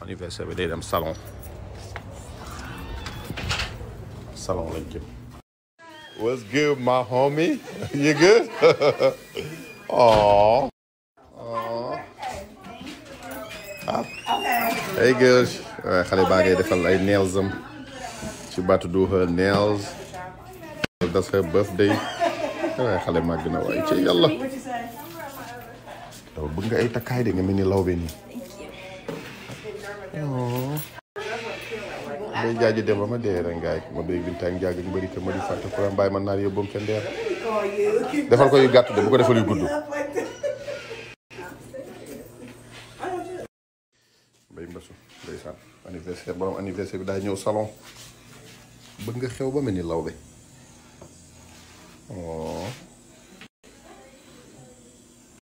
anniversaire bi day dem salon salon lañ jëm what's good my homie you good oh hey girls xale baa ngay defal ay nails am she about to do her nails that's her birthday waaye xale màgg na waaye ci yàlla dafa bëgg nga ay takkaay de nga mel ni nii mbay jaaji dem ba ma dee rek ngaay ma béy bintaan jaag ak mbëri te ma di fàtte ko mbaay man naa yóbboom ca ndeer defal ko yu gàtt de bu ko defal yu gudd mbay mbasu ndeysaan anniversaire borom anniversaire bi daa ñëw salon bëgg nga xew ba mel ni lawbe oh.